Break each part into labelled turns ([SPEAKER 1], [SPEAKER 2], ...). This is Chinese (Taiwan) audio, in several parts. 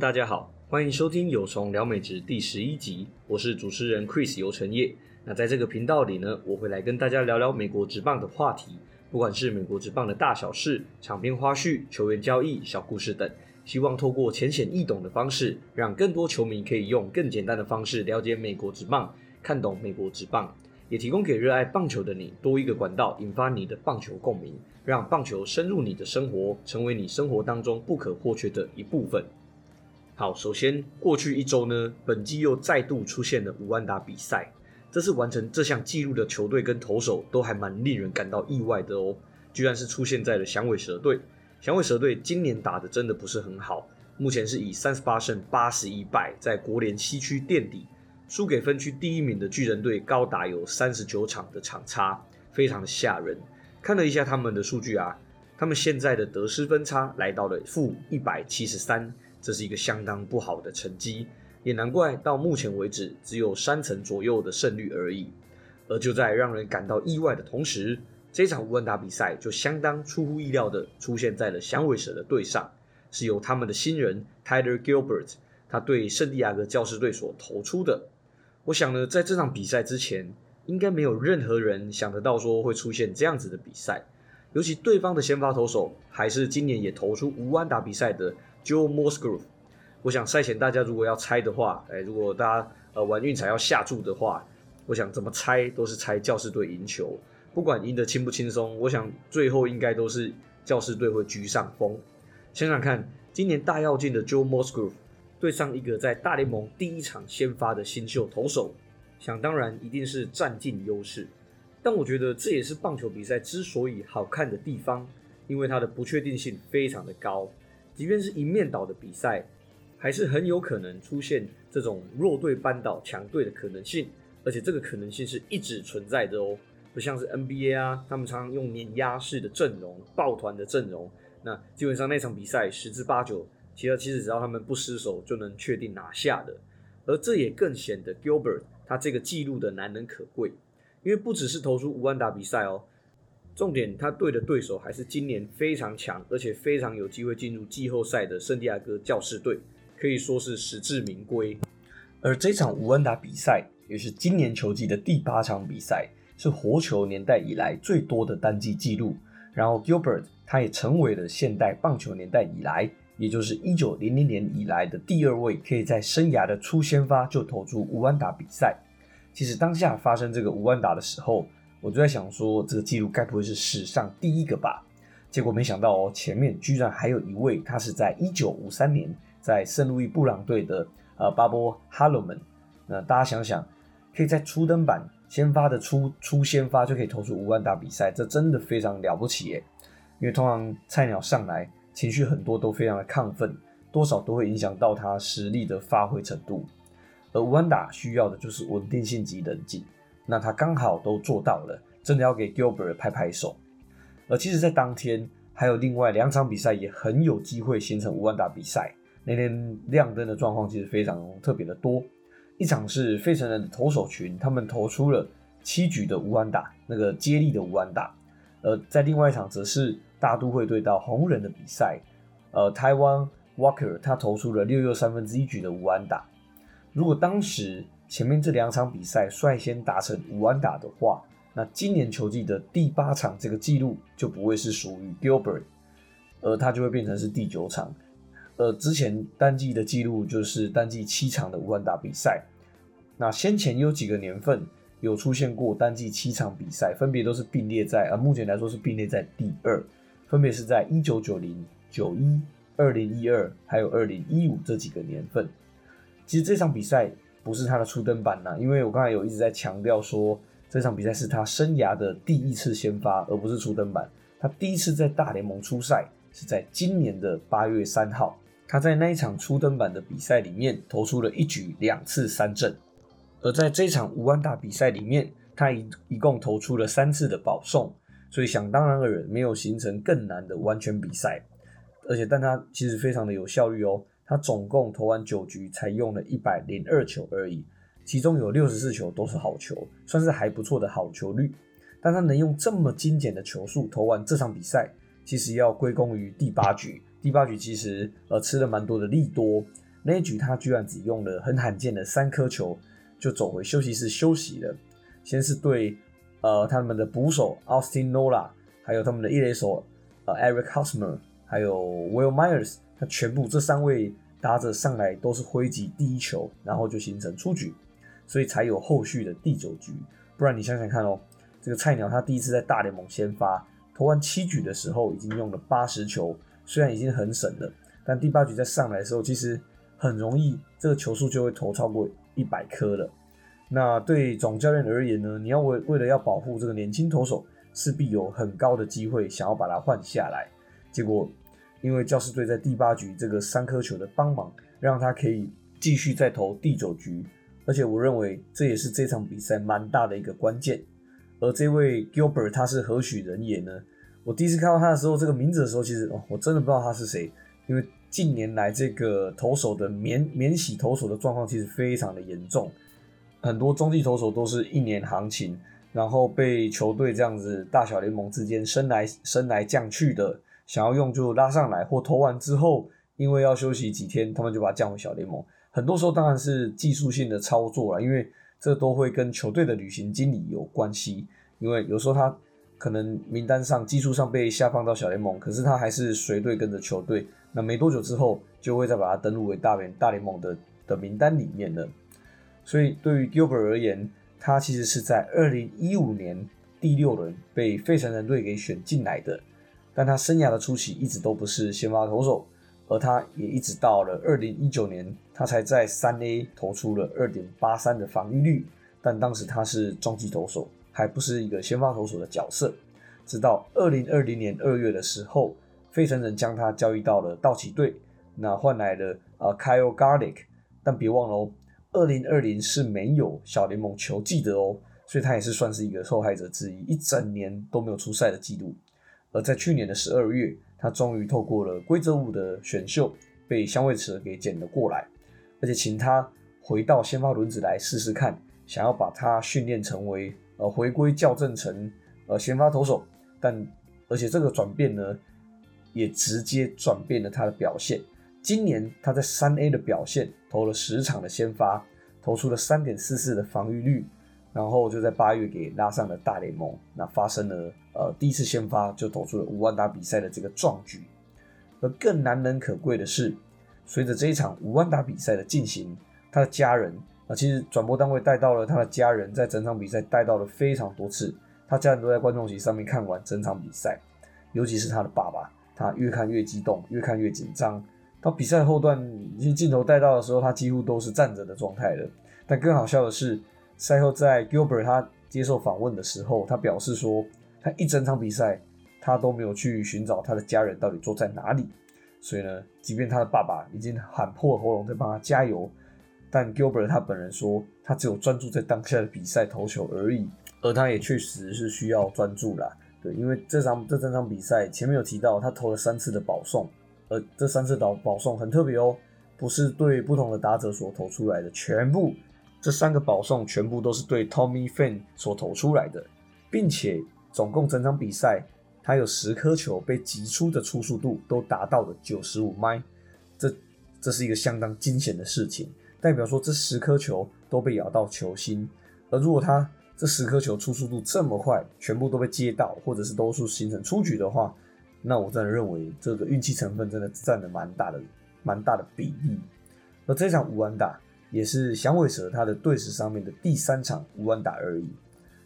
[SPEAKER 1] 大家好，歡迎收聽《有蟲聊美職》第十一集，我是主持人 Chris 游成業。那在這個頻道裡呢，我會來跟大家聊聊美國職棒的話題，不管是美國職棒的大小事、場邊花絮、球員交易、小故事等，希望透過淺顯易懂的方式，讓更多球迷可以用更簡單的方式了解美國職棒，看懂美國職棒，也提供給熱愛棒球的你多一個管道，引發你的棒球共鳴，讓棒球深入你的生活，成為你生活當中不可或缺的一部分。好，首先，過去一周呢，本季又再度出現了無安打比賽，這是完成這項紀錄的球隊跟投手都還蠻令人感到意外的哦，居然是出現在了響尾蛇隊。響尾蛇隊今年打得真的不是很好，目前是以三十八勝八十一敗，在國聯西區墊底，輸給分區第一名的巨人隊高達有三十九場的場差，非常的嚇人。看了一下他們的數據啊，他們現在的得失分差來到了負一百七十三。這是一個相當不好的成績，也難怪到目前為止只有三成左右的勝率而已。而就在讓人感到意外的同時，這場無安打比賽就相當出乎意料的出現在了響尾蛇的隊上，是由他們的新人 Tyler Gilbert，他對聖地亞哥教士隊所投出的。我想呢，在這場比賽之前，應該沒有任何人想得到說會出現這樣子的比賽，尤其對方的先發投手還是今年也投出無安打比賽的。Joe Musgrove。我想賽前大家如果要猜的話，哎、欸，如果大家呃玩運彩要下注的話，我想怎麼猜都是猜教士隊贏球，不管贏得輕不輕鬆，我想最後應該都是教士隊會居上風。想想看，今年大躍進的 Joe Musgrove 對上一個在大聯盟第一場先發的新秀投手，想當然一定是占盡優勢。但我覺得這也是棒球比賽之所以好看的地方，因為它的不確定性非常的高。即便是一面倒的比賽，還是很有可能出現這種弱隊扳倒強隊的可能性，而且這個可能性是一直存在的哦。不像是 NBA 啊，他們常常用碾壓式的陣容、抱團的陣容，那基本上那場比賽十之八九，其實其實只要他們不失手，就能確定拿下的。而這也更顯得 Gilbert 他這個記錄的難能可貴，因為不只是投出無安打比賽哦。重點，他對的對手還是今年非常強，而且非常有機會進入季後賽的聖地亞哥教士隊，可以說是實至名歸。而這場無安打比賽也是今年球季的第八場比賽，是活球年代以來最多的單季紀錄。然後 Gilbert 他也成為了現代棒球年代以來，也就是一九零零年以來的第二位可以在生涯的初先發就投出無安打比賽。其實當下發生這個無安打的時候。我就在想說，這個紀錄該不會是史上第一個吧？結果沒想到哦，前面居然還有一位，他是在一九五三年在聖路易布朗隊的呃巴波哈羅門。那大家想想，可以在初登板先發的初初先發就可以投出無安打比賽，這真的非常了不起耶！因為通常菜鳥上來情緒很多都非常的亢奮，多少都會影響到他實力的發揮程度。而無安打需要的就是穩定性及冷靜。那他剛好都做到了，真的要給 Gilbert 拍拍手。而其實，在當天還有另外兩場比賽也很有機會形成無安打比賽。那天亮燈的狀況其實非常特別的多，一場是費城人的投手群，他們投出了七局的無安打，那個接力的無安打。而在另外一場則是大都會對到紅人的比賽，呃，台灣 Walker 他投出了六又三分之一局的無安打。如果當時。前面這兩場比賽率先達成無安打的話，那今年球季的第八場這個記錄就不會是屬於 Gilbert，而他就會變成是第九場。呃，之前單季的記錄就是單季七場的無安打比賽。那先前有幾個年份有出現過單季七場比賽，分別都是並列在，而目前來說是並列在第二，分別是在一九九零、九一、二零一二還有二零一五這幾個年份。其實這場比賽。不是他的初登板吶、啊，因為我剛才有一直在強調說，這場比賽是他生涯的第一次先發，而不是初登板。他第一次在大聯盟出賽是在今年的八月三號，他在那一場初登板的比賽裡面投出了一局兩次三振。而在這場無安打比賽裡面，他一一共投出了三次的保送，所以想當然爾沒有形成更難的完全比賽，而且但他其實非常的有效率哦、喔。他總共投完九局才用了一百零二球而已，其中有六十四球都是好球，算是還不錯的好球率。但他能用這麼精簡的球數投完這場比賽，其實要歸功於第八局。第八局其實呃吃了蠻多的力多，那一局他居然只用了很罕見的三顆球就走回休息室休息了。先是對呃他們的捕手 Austin Nola，還有他們的一壘手呃 Eric Hosmer，還有 Will Myers，他全部這三位，打者上來都是揮擊第一球，然後就形成出局，所以才有後續的第九局。不然你想想看哦，這個菜鳥他第一次在大聯盟先發，投完七局的時候已經用了八十球，雖然已經很省了，但第八局再上來的時候其實很容易這個球數就會投超過一百顆了。那對總教練而言呢，你要為為了要保護這個年輕投手，勢必有很高的機會想要把他換下來，結果。因為教士隊在第八局這個三顆球的幫忙，讓他可以繼續再投第九局，而且我認為這也是這場比賽蠻大的一個關鍵。而這位 Gilbert 他是何許人也呢？我第一次看到他的時候，這個名字的時候，其實哦，我真的不知道他是誰。因為近年來這個投手的免免洗投手的狀況其實非常的嚴重，很多中繼投手都是一年行情，然後被球隊這樣子大小聯盟之間升來升來降去的。想要用就拉上來，或投完之後，因為要休息幾天，他們就把他降回小聯盟。很多時候當然是技術性的操作了，因為這都會跟球隊的旅行經理有關係。因為有時候他可能名單上技術上被下放到小聯盟，可是他還是隨隊跟着球隊。那沒多久之後，就會再把他登錄為大聯大聯盟的的名單裡面了。所以對於 Gilbert 而言，他其實是在二零一五年第六輪被費城人隊給選進來的。但他生涯的初期一直都不是先發投手，而他也一直到了二零一九年，他才在三 A 投出了二點八三的防禦率，但當時他是中繼投手，還不是一個先發投手的角色。直到二零二零年二月的時候，費城人將他交易到了道奇隊，那換來了呃 Kyle Garlick。Garlic, 但別忘了哦，二零二零是沒有小聯盟球季的哦，所以他也是算是一個受害者之一，一整年都沒有出賽的記錄。而在去年的十二月，他終於透過了規則五的選秀，被響尾蛇給撿了過來，而且請他回到先發輪子來試試看，想要把他訓練成為呃回歸校正成呃先發投手。但而且這個轉變呢，也直接轉變了他的表現。今年他在三 A 的表現，投了十場的先發，投出了三點四四的防禦率。然後就在八月給拉上了大聯盟，那發生了呃第一次先發就投出了無安打比賽的這個壯舉，而更難能可貴的是，隨着這一場無安打比賽的進行，他的家人啊、呃，其實轉播單位帶到了他的家人，在整場比賽帶到了非常多次，他家人都在觀眾席上面看完整場比賽，尤其是他的爸爸，他越看越激動，越看越緊張，到比賽後段，鏡頭帶到的時候，他幾乎都是站着的狀態了。但更好笑的是，賽後，在 Gilbert 他接受訪問的時候，他表示說，他一整場比賽他都沒有去尋找他的家人到底坐在哪裡。所以呢，即便他的爸爸已經喊破喉嚨在幫他加油，但 Gilbert 他本人說，他只有專注在當下的比賽投球而已。而他也確實是需要專注啦，對，因為這場這整場比賽前面有提到，他投了三次的保送，而這三次的保送很特別哦，不是對不同的打者所投出來的全部。這三個保送全部都是對 Tommy Pham 所投出來的，並且總共整場比賽他有十顆球被擊出的初速度都達到了九十五邁，這這是一個相當驚險的事情，代表說這十顆球都被咬到球心。而如果他這十顆球初速度這麼快，全部都被接到，或者是都是形成出局的話，那我真的認為這個運氣成分真的占了蠻大的蠻大的比例。那這場無安打。也是響尾蛇他的隊史上面的第三場無安打而已，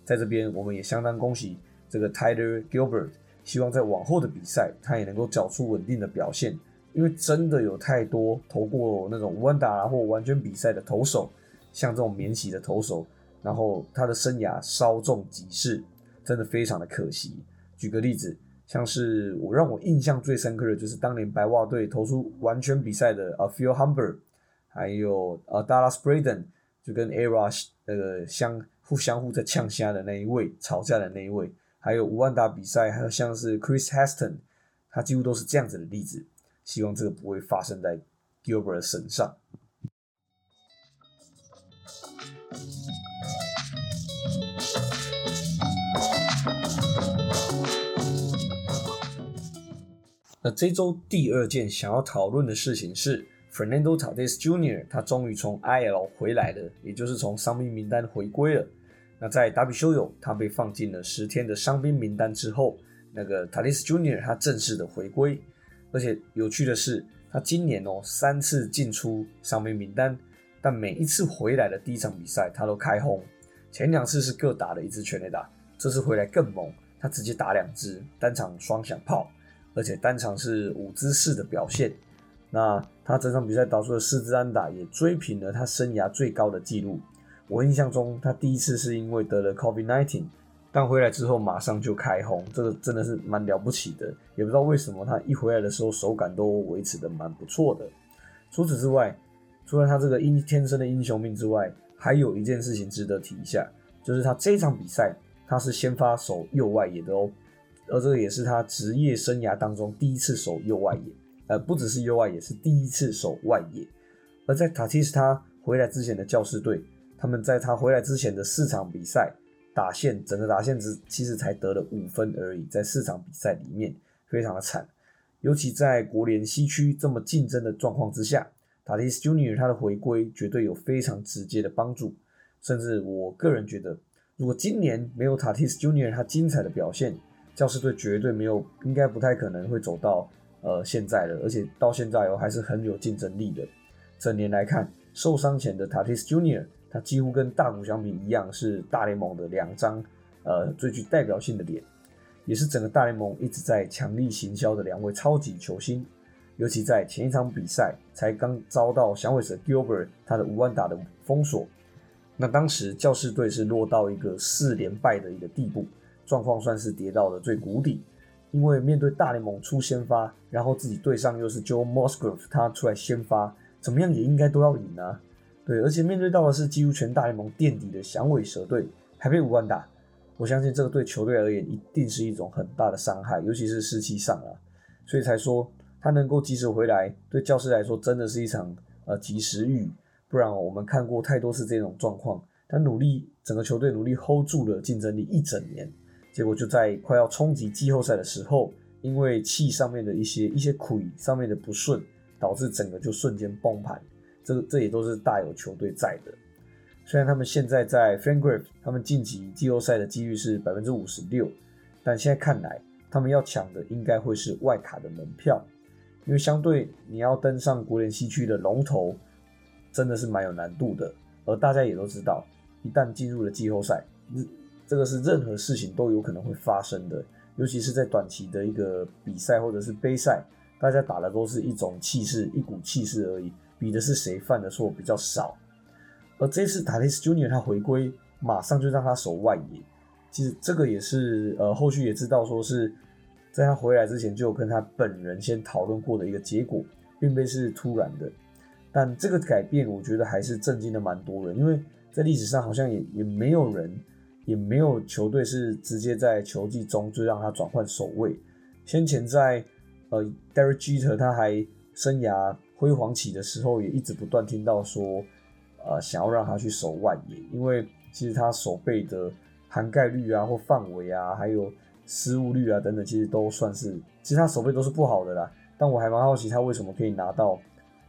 [SPEAKER 1] 在這邊我們也相當恭喜這個 Tyler Gilbert，希望在往後的比賽他也能夠繳出穩定的表現，因為真的有太多投過那種無安打或完全比賽的投手，像這種免洗的投手，然後他的生涯稍縱即逝，真的非常的可惜。舉個例子，像是我讓我印象最深刻的，就是當年白襪隊投出完全比賽的 Philip Humber。還有呃，Dallas Braden 就跟 A-Rod 那個相互相互在嗆聲的那一位，吵架的那一位，還有無安打比賽，還有像是 Chris Heston，他幾乎都是這樣子的例子。希望這個不會發生在 Gilbert 身上。那這週第二件想要討論的事情是。Fernando Tatis Jr.，他終於從 IL 回來了，也就是從傷兵名單回歸了。那在達比修有，他被放進了十天的傷兵名單之後，那個 Tatis Jr. 他正式的回歸。而且有趣的是，他今年哦三次進出傷兵名單，但每一次回來的第一場比賽，他都開轟。前兩次是各打了一支全壘打，這次回來更猛，他直接打兩支，單場雙響炮，而且單場是五支四的表現。那他這場比賽打出了四支安打，也追平了他生涯最高的紀錄。我印象中，他第一次是因為得了 COVID-19，但回來之後馬上就開轟，這個真的是蠻了不起的。也不知道為什麼，他一回來的時候手感都維持得的蠻不錯的。除此之外，除了他這個英天生的英雄命之外，還有一件事情值得提一下，就是他這場比賽他是先發守右外野的哦，而這個也是他職業生涯當中第一次守右外野。呃，不只是右外野也是第一次守外野。而在塔蒂斯他回來之前的教士隊，他們在他回來之前的四場比賽打線，整個打線只其實才得了五分而已，在四場比賽裡面非常的慘。尤其在國聯西區這麼競爭的狀況之下，塔蒂斯 Junior 他的回歸絕對有非常直接的幫助。甚至我個人覺得，如果今年沒有塔蒂斯 Junior 他精彩的表現，教士隊絕對沒有，應該不太可能會走到。呃，現在的，而且到現在哦，還是很有競爭力的。整年來看，受傷前的 Tatis Junior，他幾乎跟大谷翔平一樣，是大聯盟的兩張呃最具代表性的臉，也是整個大聯盟一直在強力行銷的兩位超級球星。尤其在前一場比賽，才剛遭到響尾蛇 Gilbert 他的無安打的封鎖，那當時教士隊是落到一個四連敗的一個地步，狀況算是跌到了最谷底。因為面對大聯盟初先發，然後自己隊上又是 Joe Musgrove，他出來先發，怎麼樣也應該都要贏啊。對，而且面對到的是幾乎全大聯盟墊底的響尾蛇隊，還被無安打，我相信這個對球隊而言一定是一種很大的傷害，尤其是士氣上啊。所以才說他能夠及時回來，對教士來說真的是一場呃及時雨，不然、哦、我們看過太多次這種狀況。他努力，整個球隊努力 hold 住了競爭力一整年。結果就在快要衝擊季後賽的時候，因為氣上面的一些一些虧上面的不順，導致整個就瞬間崩盤。這這也都是大有球隊在的。雖然他們現在在 Fangraphs 他們晉級季後賽的幾率是百分之五十六，但現在看來，他們要搶的應該會是外卡的門票，因為相對你要登上國聯西區的龍頭，真的是蠻有難度的。而大家也都知道，一旦進入了季後賽，這個是任何事情都有可能會發生的，尤其是在短期的一個比賽或者是杯賽，大家打的都是一種氣勢，一股氣勢而已，比的是誰犯的錯比較少。而這次 Tatis Jr. 他回歸，馬上就讓他守外野。其實這個也是呃，後續也知道，說是在他回來之前，就有跟他本人先討論過的一個結果，並非是突然的。但這個改變，我覺得還是震驚的蠻多人，因為在歷史上好像也也沒有人。也沒有球隊是直接在球季中就讓他轉換守位。先前在呃，Derek Jeter，他還生涯輝煌期的時候，也一直不斷聽到說，呃，想要讓他去守外野，因為其實他守備的涵蓋率啊，或範圍啊，還有失誤率啊等等，其實都算是，其實他守備都是不好的啦。但我還蠻好奇他為什麼可以拿到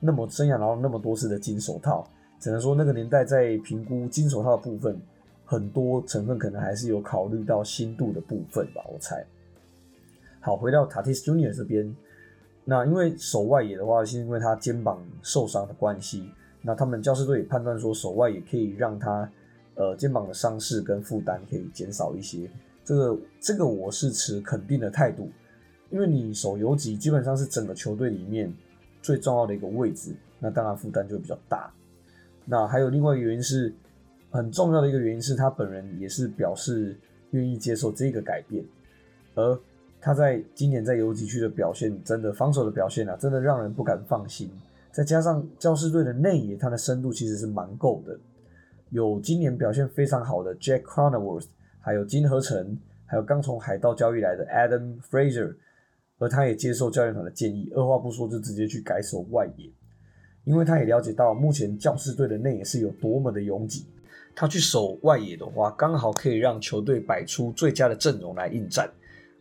[SPEAKER 1] 那麼生涯拿到那麼多次的金手套，只能說那個年代在評估金手套的部分。很多成分可能還是有考慮到心度的部分吧，我猜。好，回到 Tatis Junior 這邊，那因為守外野的話，是因為他肩膀受傷的關係，那他們教士隊也判斷說，守外野可以讓他呃肩膀的傷勢跟負擔可以減少一些。這個這個我是持肯定的態度，因為你守游擊，基本上是整個球隊裡面最重要的一個位置，那當然負擔就比較大。那還有另外一個原因是，很重要的一個原因是，他本人也是表示願意接受這個改變。而他在今年在游擊區的表現，真的防守的表現啊，真的讓人不敢放心。再加上教士隊的內野，他的深度其實是蠻夠的，有今年表現非常好的 Jake Cronenworth 還有金河成，還有剛從海盜交易來的 Adam Frazier。而他也接受教練團的建議，二話不說就直接去改守外野，因為他也了解到目前教士隊的內野是有多麼的擁擠。他去守外野的話，剛好可以讓球隊擺出最佳的陣容來應戰，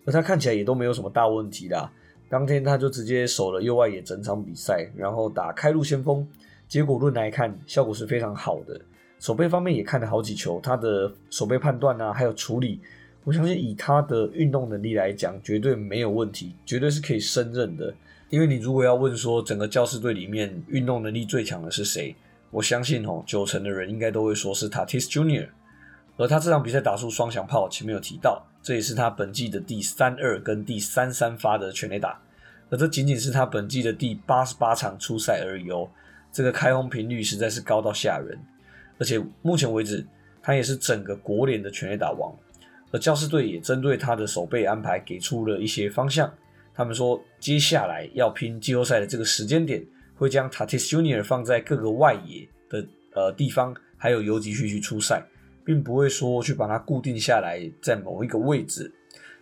[SPEAKER 1] 而他看起來也都沒有什麼大問題啦。當天他就直接守了右外野整場比賽，然後打開路先鋒，結果論來看，效果是非常好的。守備方面也看了好幾球，他的守備判斷啊，還有處理，我相信以他的運動能力來講，絕對沒有問題，絕對是可以勝任的。因為你如果要問說整個教士隊裡面運動能力最強的是誰？我相信哦，九成的人應該都會說是 Tatis Junior，而他這場比賽打出雙響炮，前面有提到，這也是他本季的第三二跟第三三發的全壘打，而這僅僅是他本季的第八十八場出賽而已哦，這個開轟頻率實在是高到嚇人，而且目前為止，他也是整個國聯的全壘打王，而教士隊也針對他的守備安排給出了一些方向，他們說接下來要拼季後賽的這個時間點。會將 Tatis Junior 放在各個外野的呃、地方，還有游擊區去出賽，並不會說去把它固定下來在某一個位置。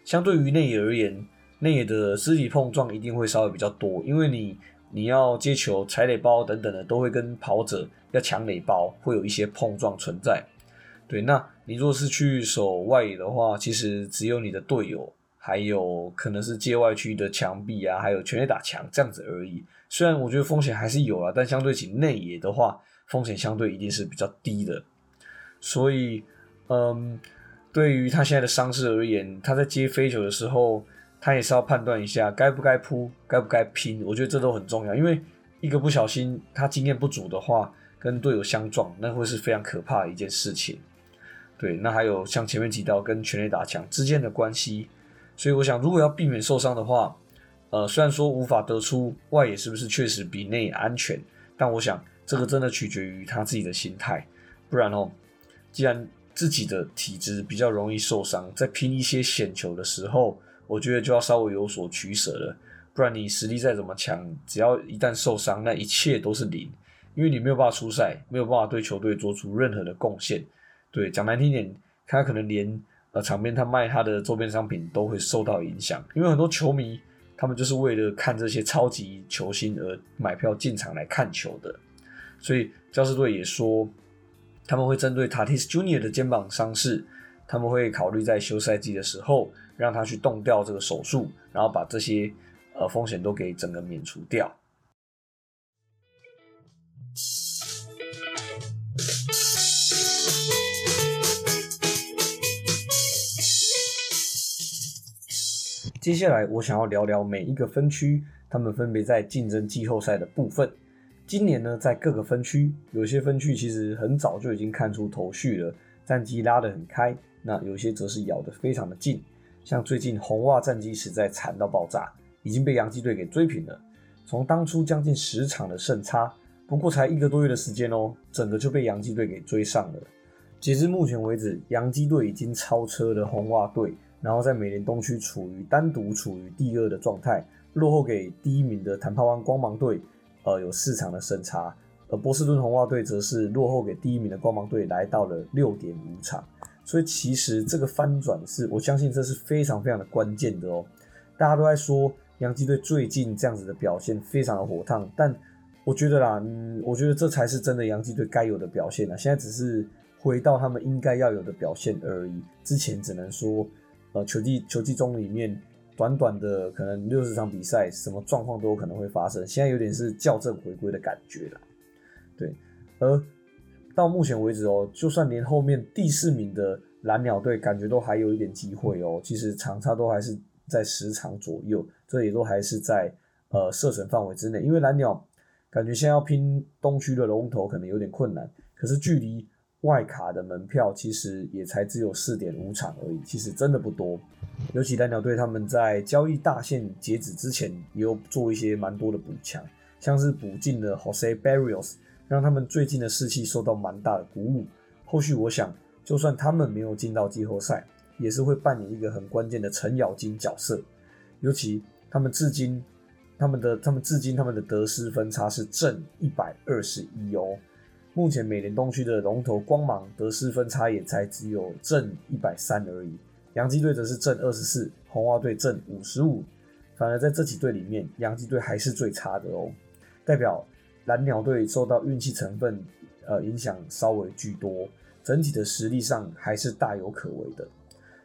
[SPEAKER 1] 相對於內野而言，內野的肢體碰撞一定會稍微比較多，因為你你要接球、踩壘包等等的，都會跟跑者要搶壘包，會有一些碰撞存在。對，那你若是去守外野的話，其實只有你的隊友。還有可能是界外區的牆壁啊，還有全壘打牆這樣子而已。雖然我覺得風險還是有啦、啊，但相對起內野的話，風險相對一定是比較低的。所以，嗯，對於他現在的傷勢而言，他在接飛球的時候，他也是要判斷一下該不該撲，該不該拼。我覺得這都很重要，因為一個不小心，他經驗不足的話，跟隊友相撞，那會是非常可怕的一件事情。對，那還有像前面提到跟全壘打牆之間的關係。所以我想，如果要避免受傷的話，呃，雖然說無法得出外野是不是確實比內野安全，但我想這個真的取決於他自己的心態。不然哦，既然自己的體質比較容易受傷，在拼一些險球的時候，我覺得就要稍微有所取捨了。不然你實力再怎麼強，只要一旦受傷，那一切都是零，因為你沒有辦法出賽，沒有辦法對球隊做出任何的貢獻。對，講難聽點，他可能連。那場邊他賣他的周邊商品都會受到影響，因為很多球迷他們就是為了看這些超級球星而買票進場來看球的，所以教士隊也說他們會針對塔蒂斯 ·Junior 的肩膀傷勢，他們會考慮在休賽季的時候讓他去動掉這個手術，然後把這些呃風險都給整個免除掉。接下來我想要聊聊每一個分區，他們分別在競爭季後賽的部分。今年呢，在各個分區，有些分區其實很早就已經看出頭緒了，戰績拉得很開；那有些則是咬得非常的近。像最近紅襪戰績實在慘到爆炸，已經被洋基隊給追平了。從當初將近十場的勝差，不過才一個多月的時間哦、喔，整個就被洋基隊給追上了。截至目前為止，洋基隊已經超車了紅襪隊。然後在美聯東區處於單獨處於第二的狀態，落後給第一名的坦帕灣光芒隊，呃，有四場的勝差，而波士頓紅襪隊則是落後給第一名的光芒隊，來到了六點五場。所以其實這個翻轉是我相信這是非常非常的關鍵的哦、喔。大家都在說洋基隊最近這樣子的表現非常的火燙，但我覺得啦，嗯，我覺得這才是真的洋基隊該有的表現呢。現在只是回到他們應該要有的表現而已。之前只能說。呃，球季球季中裡面，短短的可能六十場比賽，什麼狀況都有可能會發生。現在有點是校正回歸的感覺了，對。而到目前為止哦、喔，就算連後面第四名的藍鳥隊，感覺都還有一點機會哦、喔。其實場差都還是在十場左右，這也都還是在呃射程範圍之內。因為藍鳥感覺現在要拼東區的龍頭，可能有點困難。可是距離。外卡的門票其實也才只有四點五場而已，其實真的不多。尤其藍鳥隊他們在交易大限截止之前也有做一些蠻多的補強，像是補進了 Jose Barrios，讓他們最近的士氣受到蠻大的鼓舞。後續我想，就算他們沒有進到季後賽，也是會扮演一個很關鍵的程咬金角色。尤其他們至今，他們的，他們至今他們的得失分差是正一百二十一哦。目前美聯東區的龍頭光芒得失分差也才只有正一百三而已，洋基隊則是正二十四，紅襪隊正五十五，反而在這幾隊裡面，洋基隊還是最差的哦、喔。代表藍鳥隊受到運氣成分呃影響稍微居多，整體的實力上還是大有可為的。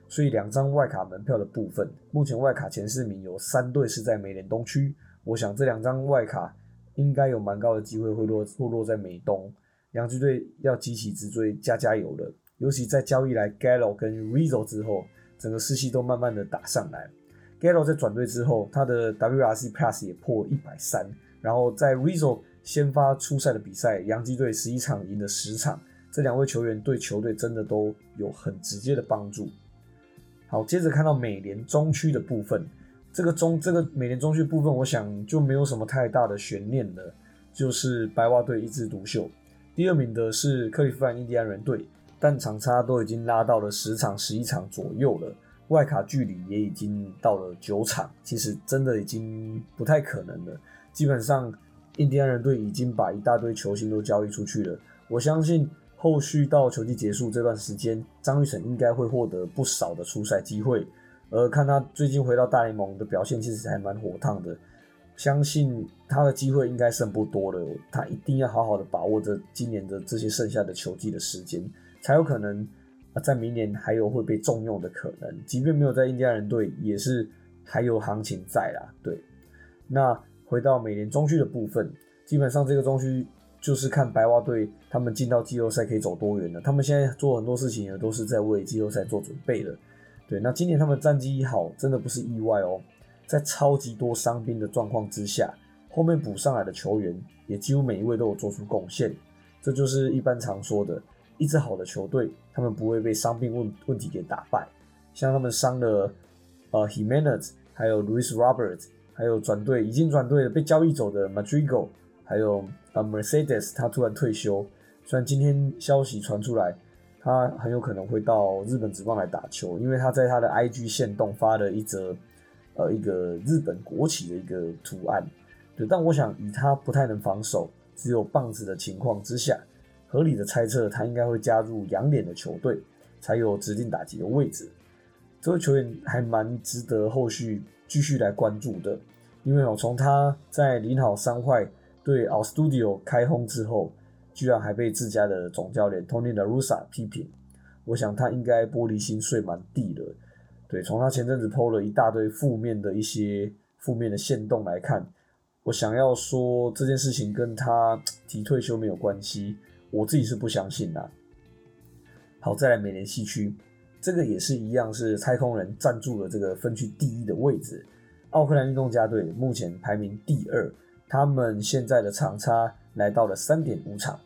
[SPEAKER 1] 所以兩張外卡門票的部分，目前外卡前四名有三隊是在美聯東區，我想這兩張外卡應該有蠻高的機會會落落落在美東。洋基隊要急起直追，加加油了！尤其在交易來 Gallo 跟 Rizzo 之後，整個士氣都慢慢的打上來。Gallo 在轉隊之後，他的 WRC Plus 也破一百三，然後在 Rizzo 先發出賽的比賽，洋基隊十一場贏了十場，這兩位球員對球隊真的都有很直接的幫助。好，接着看到美聯中區的部分，這個中這個美聯中區部分，我想就沒有什麼太大的懸念了，就是白襪隊一枝獨秀。第二名的是克利夫蘭印第安人隊，但場差都已經拉到了十場、十一場左右了，外卡距離也已經到了九場，其實真的已經不太可能了。基本上，印第安人隊已經把一大堆球星都交易出去了。我相信後續到球季結束這段時間，張育成應該會獲得不少的出賽機會。而看他最近回到大聯盟的表現，其實還蠻火燙的。相信他的機會應該剩不多了，他一定要好好的把握着今年的這些剩下的球季的時間，才有可能在明年還有會被重用的可能。即便沒有在印第安人隊，也是還有行情在啦。對，那回到美聯中區的部分，基本上這個中區就是看白襪隊他們進到季後賽可以走多遠了。他們現在做很多事情也都是在為季後賽做準備的。對，那今年他們戰績好，真的不是意外哦、喔。在超級多傷兵的狀況之下，後面補上來的球員也幾乎每一位都有做出貢獻。這就是一般常說的，一支好的球隊，他們不會被傷兵問，問題給打敗。像他們傷了，呃，Jiménez，還有 Luis Robert，還有轉隊已經轉隊了被交易走的 Madrigal，還有呃 Mercedes，他突然退休。雖然今天消息傳出來，他很有可能會到日本職棒來打球，因為他在他的 IG 限動發了一則。呃，一個日本國旗的一個圖案，對，但我想以他不太能防守、只有棒子的情況之下，合理的猜測，他應該會加入洋聯的球隊，才有指定打擊的位置。這位球員還蠻值得後續繼續來關注的，因為我從他在零好三壞對 Astudillo 開轟之後，居然還被自家的總教練 Tony La Russa 批評，我想他應該玻璃心碎滿地了。對，從他前陣子 po 了一大堆負面的一些負面的限動來看，我想要說這件事情跟他提退休沒有關係，我自己是不相信啦。好，再來美聯西區，這個也是一樣，是太空人占住了這個分區第一的位置，奧克蘭運動家隊目前排名第二，他們現在的場差來到了三點五場，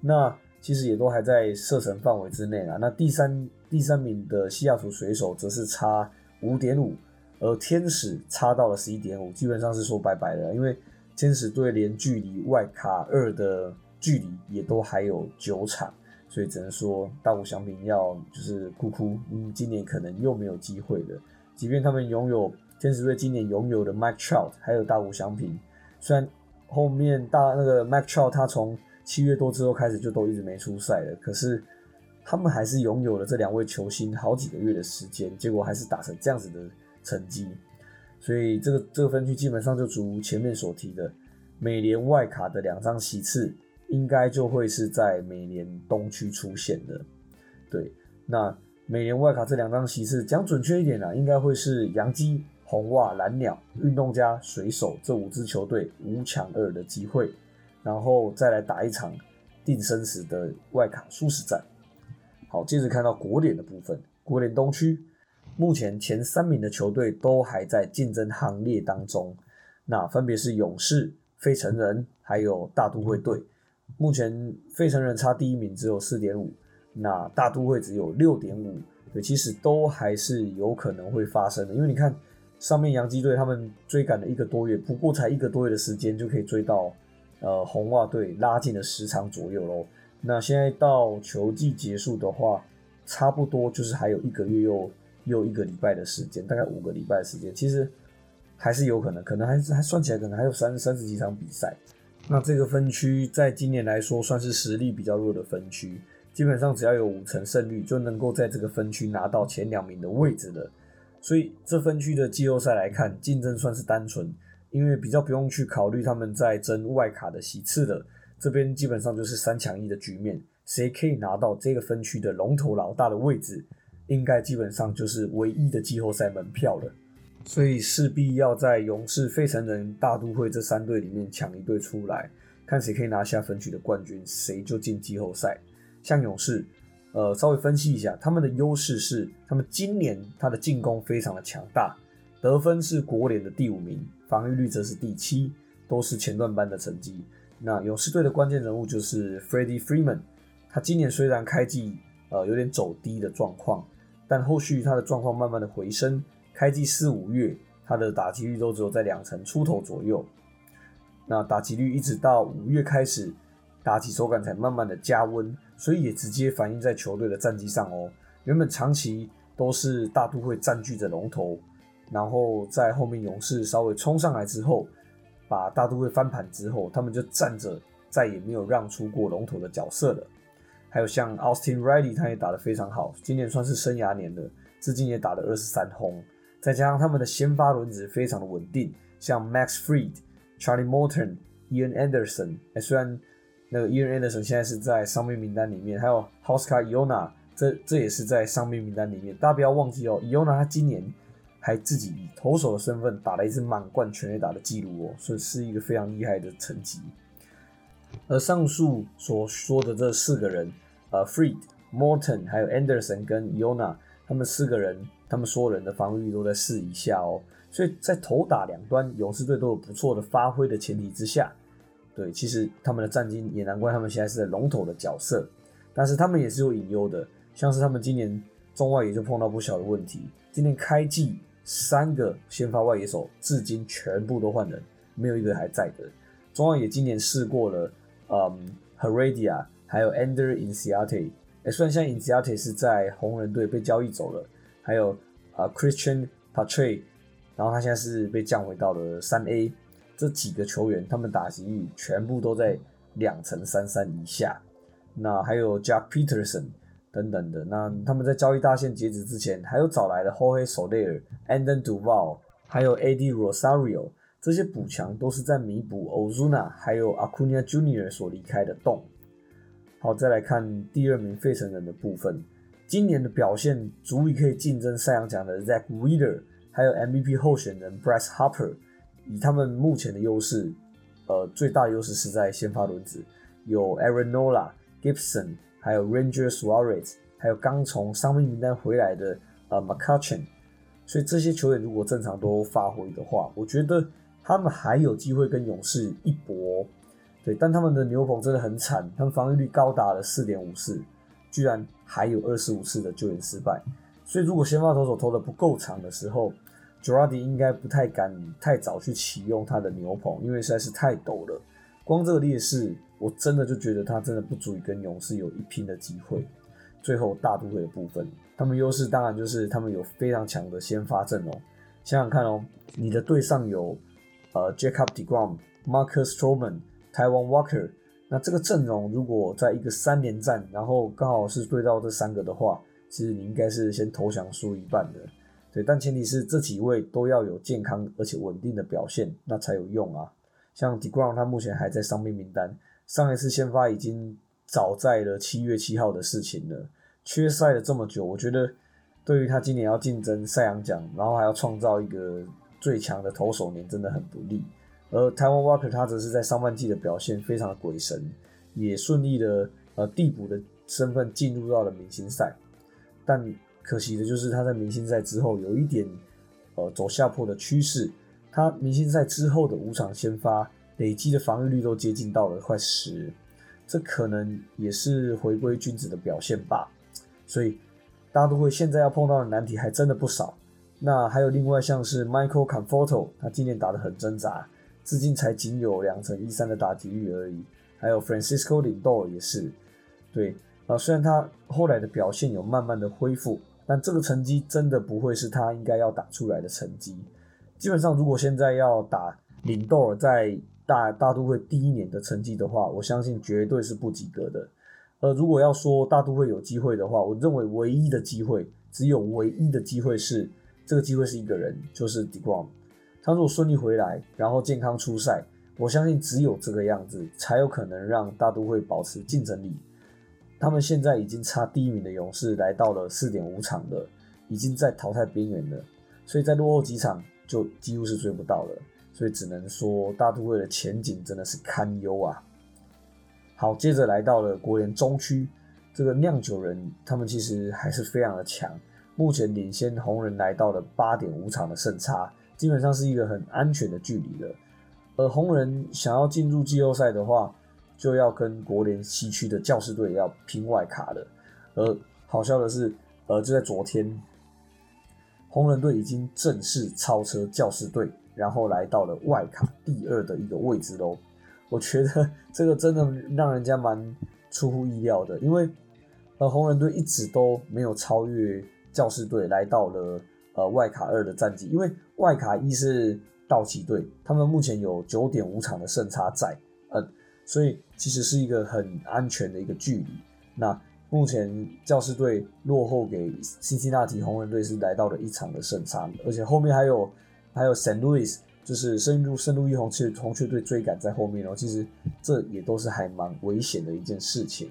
[SPEAKER 1] 那其實也都還在射程範圍之內啦，那第三。第三名的西雅圖水手則是差五點五，而天使差到了十一點五，基本上是說拜拜了，因為天使隊連距離外卡二的距離也都還有九場，所以只能說大谷翔平要就是哭哭，嗯，今年可能又沒有機會了。即便他們擁有天使隊今年擁有的 Mike Trout 還有大谷翔平，雖然後面大那個 Mike Trout 他從七月多之後開始就都一直沒出賽了，可是。他們還是擁有了這兩位球星好幾個月的時間，結果還是打成這樣子的成績，所以這個這個分區基本上就如前面所提的，美聯外卡的兩張席次應該就會是在美聯東區出現的。對，那美聯外卡這兩張席次講準確一點呢、啊，應該會是洋基、紅襪、藍鳥、運動家、水手這五支球隊五搶二的機會，然後再來打一場定生死的外卡殊死戰。好，接着看到國聯的部分，國聯東區目前前三名的球隊都還在競爭行列當中，那分別是勇士、費城人還有大都會隊。目前費城人差第一名只有四點五，那大都會只有六點五，對，其實都還是有可能會發生的，因為你看上面洋基隊他們追趕了一個多月，不過才一個多月的時間就可以追到，呃，紅襪隊拉近了十場左右嘍。那現在到球季結束的話，差不多就是還有一個月又又一個禮拜的時間，大概五個禮拜的時間，其實還是有可能，可能還是還算起來可能還有三三十幾場比賽。那這個分區在今年來說算是實力比較弱的分區，基本上只要有五成勝率就能夠在這個分區拿到前兩名的位置的。所以這分區的季後賽來看，競爭算是單純，因為比較不用去考慮他們在爭外卡的席次的。這邊基本上就是三搶一的局面，誰可以拿到這個分區的龍頭老大的位置，應該基本上就是唯一的季後賽門票了。所以勢必要在勇士、費城人、大都會這三隊裡面搶一隊出來，看誰可以拿下分區的冠軍，誰就進季後賽。像勇士，呃，稍微分析一下，他們的優勢是他們今年他的進攻非常的強大，得分是國聯的第五名，防禦率則是第七，都是前段班的成績。那勇士隊的關鍵人物就是 Freddie Freeman，他今年雖然開季呃有點走低的狀況，但後續他的狀況慢慢的回升，開季四五月他的打擊率都只有在兩成出頭左右，那打擊率一直到五月開始打擊手感才慢慢的加溫，所以也直接反映在球隊的戰績上哦。原本長期都是大都會佔據着龍頭，然後在後面勇士稍微衝上來之後。把大都會翻盤之後，他們就站着再也沒有讓出過龍頭的角色了。還有像 Austin Riley，他也打得非常好，今年算是生涯年了，至今也打了二十三轟。再加上他們的先發輪值非常的穩定，像 Max Fried、Charlie Morton、Ian Anderson，哎，雖然那個 Ian Anderson 現在是在傷病名單裡面，還有 Houseka Yona，這這也是在傷病名單裡面，大家不要忘記哦，Yona 他今年。還自己以投手的身份打了一支滿貫全壘打的記錄哦，所以是一個非常厲害的成績。而上述所說的這四個人，呃，Fried、Morton、還有 Anderson 跟 Yona，他們四個人，他們所有人的防禦力都在四以下哦。所以在投打兩端勇士隊都有不錯的發揮的前提之下，對，其實他們的戰績也難怪他們現在是在龍頭的角色，但是他們也是有隱憂的，像是他們今年中外也就碰到不小的問題，今年開季。三個先發外野手至今全部都換人，沒有一個還在的。中央也今年試過了，嗯 Heredia 還有 Ender Inciarte 哎、欸，雖然現在 Inciarte 是在紅人隊被交易走了，還有啊、呃、Cristian Pache 然後他現在是被降回到了三 A。這幾個球員他們打擊率全部都在兩成三三以下。那還有 Joc Pederson。等等的，那他們在交易大限截止之前，還有找來的 Jorge Soler、Adam Duvall，還有 Eddie Rosario，這些補強，都是在彌補 Ozuna，還有 Acuña Junior 所離開的洞。好，再來看第二名費城人的部分，今年的表現足以可以競爭賽揚獎的 Zack Wheeler，還有 M.V.P. 候選人 Bryce Harper，以他們目前的優勢，呃，最大優勢是在先發輪值，有 Aaron Nola、Gibson。還有 Ranger Suarez 還有剛從傷病名單回來的呃 McCutchen，所以這些球員如果正常都發揮的話，我覺得他們還有機會跟勇士一搏，喔。對，但他們的牛棚真的很慘，他們防禦率高達了四點五四，居然還有二十五次的救援失敗。所以如果先發投手投得不夠長的時候 Girardi 應該不太敢太早去啟用他的牛棚，因為實在是太抖了。光這個劣勢。我真的就覺得他真的不足以跟勇士有一拼的機會。最後大都會的部分，他們優勢當然就是他們有非常強的先發陣容。想想看哦，你的隊上有呃 Jacob deGrom、Marcus Stroman、Taijuan Walker，那這個陣容如果在一個三連戰，然後剛好是對到這三個的話，其實你應該是先投降輸一半的。對，但前提是這幾位都要有健康而且穩定的表現，那才有用啊。像 deGrom 他目前還在傷病名單。上一次先發已經早在了七月七號的事情了，缺賽了這麼久，我覺得對於他今年要競爭賽揚獎，然後還要創造一個最強的投手年，真的很不利。而台灣 Walker 他則是在上半季的表現非常的鬼神，也順利的呃遞補的身份進入到了明星賽，但可惜的就是他在明星賽之後有一點呃走下坡的趨勢，他明星賽之後的五場先發。累積的防禦率都接近到了快十，這可能也是回歸均值的表現吧。所以大家都會現在要碰到的難題還真的不少。那還有另外像是 Michael Conforto，他今年打得很掙扎，至今才僅有兩成一三的打擊率而已。還有 Francisco Lindor 也是，對啊，然雖然他後來的表現有慢慢的恢復，但這個成績真的不會是他應該要打出來的成績。基本上如果現在要打 Lindor 在大大都會第一年的成績的話，我相信絕對是不及格的。而如果要說大都會有機會的話，我認為唯一的機會只有唯一的機會是這個機會是一個人，就是 deGrom。他如果順利回來，然後健康出賽，我相信只有這個樣子才有可能讓大都會保持競爭力。他們現在已經差第一名的勇士來到了四點五場了，已經在淘汰邊緣了，所以在落後幾場就幾乎是追不到了。所以只能說大都會的前景真的是堪憂啊。好，接着來到了國聯中區，這個釀酒人他們其實還是非常的強，目前領先紅人來到了八點五場的勝差，基本上是一個很安全的距離了。而紅人想要進入季後賽的話，就要跟國聯西區的教士隊要拼外卡了。而好笑的是，而、呃、就在昨天，紅人隊已經正式超車教士隊。然後來到了外卡第二的一個位置嘍，我覺得這個真的讓人家蠻出乎意料的，因為呃紅人隊一直都沒有超越教士隊，來到了呃外卡二的戰績，因為外卡一是道奇隊，他們目前有九點五場的勝差在，嗯、呃，所以其實是一個很安全的一個距離。那目前教士隊落後給辛辛那提紅人隊是來到了一場的勝差，而且後面還有。還有聖路易斯，就是深入深入一紅，其紅雀隊追趕在後面哦、喔。其實這也都是還蠻危險的一件事情。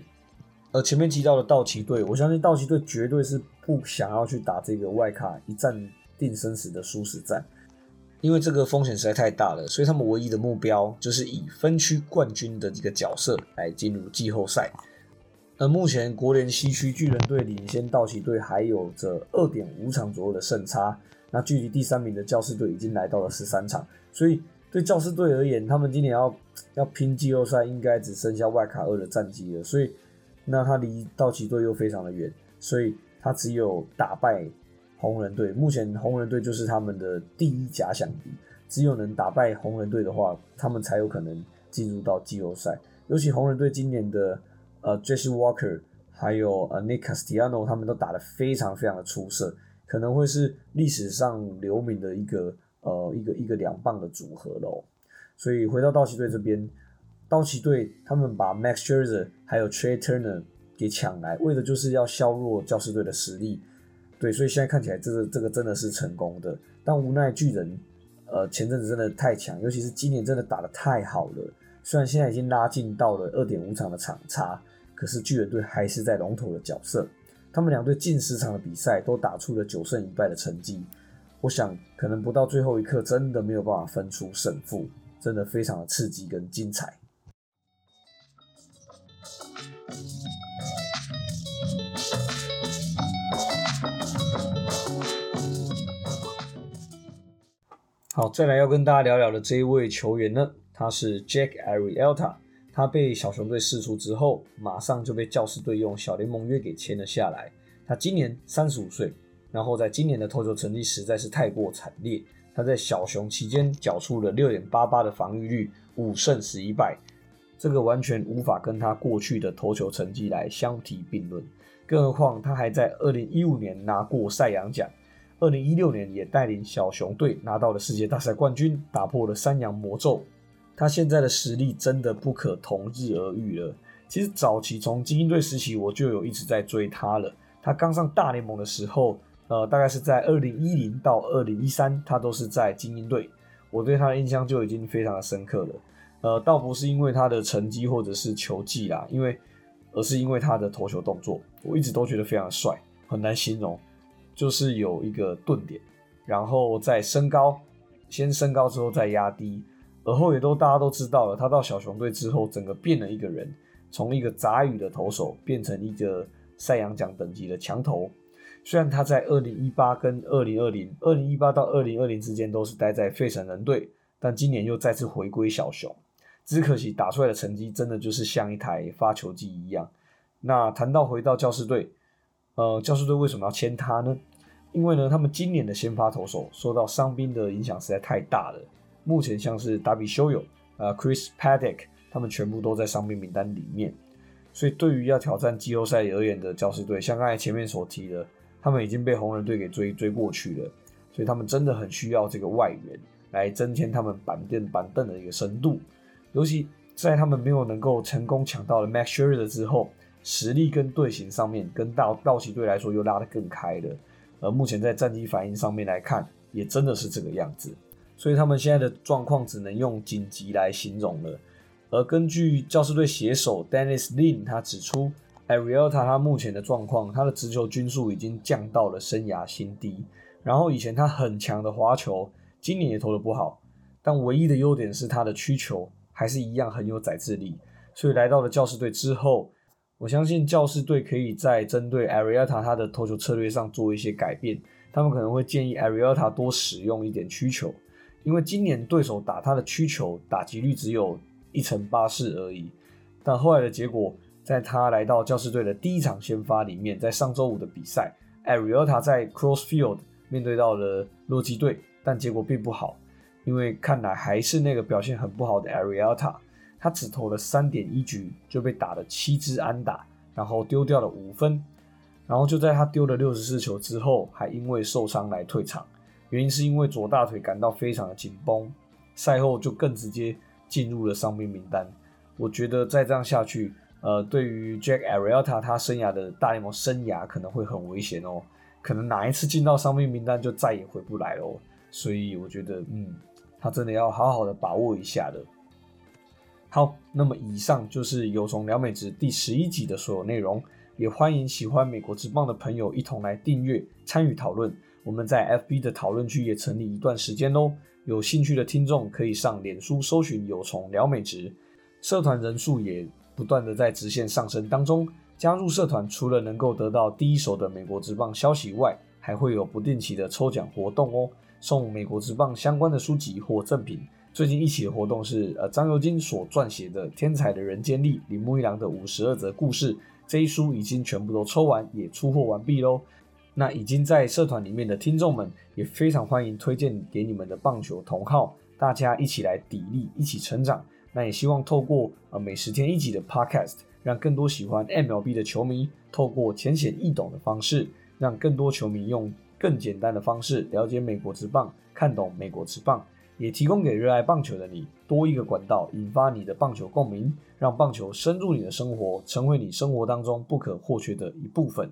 [SPEAKER 1] 而前面提到的道奇隊，我相信道奇隊絕對是不想要去打這個外卡一戰定生死的殊死戰，因為這個風險實在太大了。所以他們唯一的目標就是以分區冠軍的這個角色來進入季後賽。而目前國聯西區巨人隊領先道奇隊還有着二點五場左右的勝差。那距離第三名的教士隊已經來到了十三場，所以對教士隊而言，他們今年要要拼季後賽，應該只剩下外卡二的戰績了。所以，那他離道奇隊又非常的遠，所以他只有打敗紅人隊。目前紅人隊就是他們的第一假想敵，只有能打敗紅人隊的話，他們才有可能進入到季後賽。尤其紅人隊今年的呃，Jesse Walker，還有呃 Nick Castellanos，他們都打得非常非常的出色。可能會是歷史上留名的一個呃一個一個兩棒的組合嘍，所以回到道奇隊這邊，道奇隊他們把 Max Scherzer 還有 Trea Turner 給搶來，為的就是要削弱教士隊的實力，對，所以現在看起來這個這個真的是成功的，但無奈巨人，呃前陣子真的太強，尤其是今年真的打得太好了，雖然現在已經拉近到了二點五場的場差，可是巨人隊還是在龍頭的角色。他們兩隊近十場的比賽都打出了九勝一敗的成績，我想可能不到最後一刻真的沒有辦法分出勝負，真的非常的刺激跟精彩。好，再來要跟大家聊聊的這一位球員呢，他是 Jake Arrieta。他被小熊隊釋出之後，馬上就被教士隊用小聯盟約給簽了下來。他今年三十五歲，然後在今年的投球成績實在是太過慘烈。他在小熊期間繳出了六點八八的防禦率，五勝十一敗，這個完全無法跟他過去的投球成績來相提並論。更何況他還在二零一五年拿過賽揚獎，二零一六年也帶領小熊隊拿到了世界大賽冠軍，打破了山羊魔咒。他現在的實力真的不可同日而語了。其實早期從金鶯隊時期，我就有一直在追他了。他剛上大聯盟的時候，呃，大概是在二零一零到二零一三，他都是在金鶯隊。我對他的印象就已經非常的深刻了。呃，倒不是因為他的成績或者是球技啦，因為，而是因為他的投球動作，我一直都覺得非常帥，很難形容，就是有一個頓點，然後再升高，先升高之後再壓低。而後也都大家都知道了，他到小熊隊之後，整個變了一個人，從一個雜魚的投手變成一個賽揚獎等級的強投。雖然他在二零一八跟二零二零，二零一八到二零二零之間都是待在費城人隊，但今年又再次回歸小熊，只可惜打出來的成績真的就是像一台發球機一樣。那談到回到教士隊，呃，教士隊為什麼要簽他呢？因為呢，他們今年的先發投手受到傷兵的影響實在太大了。目前像是達比修友、啊 Chris Paddock，他們全部都在傷病名單裡面，所以對於要挑戰季後賽而言的教士隊，像剛才前面所提的，他們已經被紅人隊給追追過去了，所以他們真的很需要這個外援來增添他們板凳板凳的一個深度，尤其在他們沒有能夠成功搶到了 Max Scherzer 之後，實力跟隊形上面跟道道奇隊來說又拉得更開了，而目前在戰績反應上面來看，也真的是這個樣子。所以他們現在的狀況只能用緊急來形容了。而根據教士隊寫手 Dennis Lin，他指出 Arrieta 他目前的狀況，他的直球均速已經降到了生涯新低。然後以前他很強的滑球，今年也投得不好。但唯一的優點是他的曲球還是一樣很有宰制力。所以來到了教士隊之後，我相信教士隊可以在針對 Arrieta 他的投球策略上做一些改變。他們可能會建議 Arrieta 多使用一點曲球。因為今年對手打他的曲球打擊率只有一成八四而已，但後來的結果，在他來到教士隊的第一場先發裡面，在上周五的比賽，Arrieta 在 Crossfield 面對到了洛基隊，但結果並不好，因為看來還是那個表現很不好的 Arrieta，他只投了三點一局就被打了七支安打，然後丟掉了五分，然後就在他丟了六十四球之後，還因為受傷來退場。原因是因為左大腿感到非常的緊繃，賽後就更直接進入了傷兵名單。我覺得再這樣下去，呃，對於 Jake Arrieta 他生涯的大聯盟生涯可能會很危險哦，可能哪一次進到傷兵名單就再也回不來哦。所以我覺得，嗯，他真的要好好的把握一下的。好，那麼以上就是有從聊美職第十一集的所有內容，也歡迎喜歡美國職棒的朋友一同來訂閱參與討論。我們在 FB 的討論區也成立一段時間嘍，有興趣的聽眾可以上臉書搜尋“有蟲聊美職”社團，人數也不斷地在直線上升當中，加入社團除了能夠得到第一手的美國職棒消息外，還會有不定期的抽獎活動哦，送美國職棒相關的書籍或贈品。最近一期的活動是呃張尤金所撰寫的《天才的人間力》，鈴木一朗的五十二則故事，這一書已經全部都抽完，也出貨完畢嘍。那已經在社團裡面的聽眾們，也非常歡迎推薦給你們的棒球同好，大家一起來砥礪，一起成長。那也希望透過呃每十天一集的 Podcast，讓更多喜歡 MLB 的球迷，透過淺顯易懂的方式，讓更多球迷用更簡單的方式了解美國職棒，看懂美國職棒，也提供給熱愛棒球的你多一個管道，引發你的棒球共鳴，讓棒球深入你的生活，成為你生活當中不可或缺的一部分。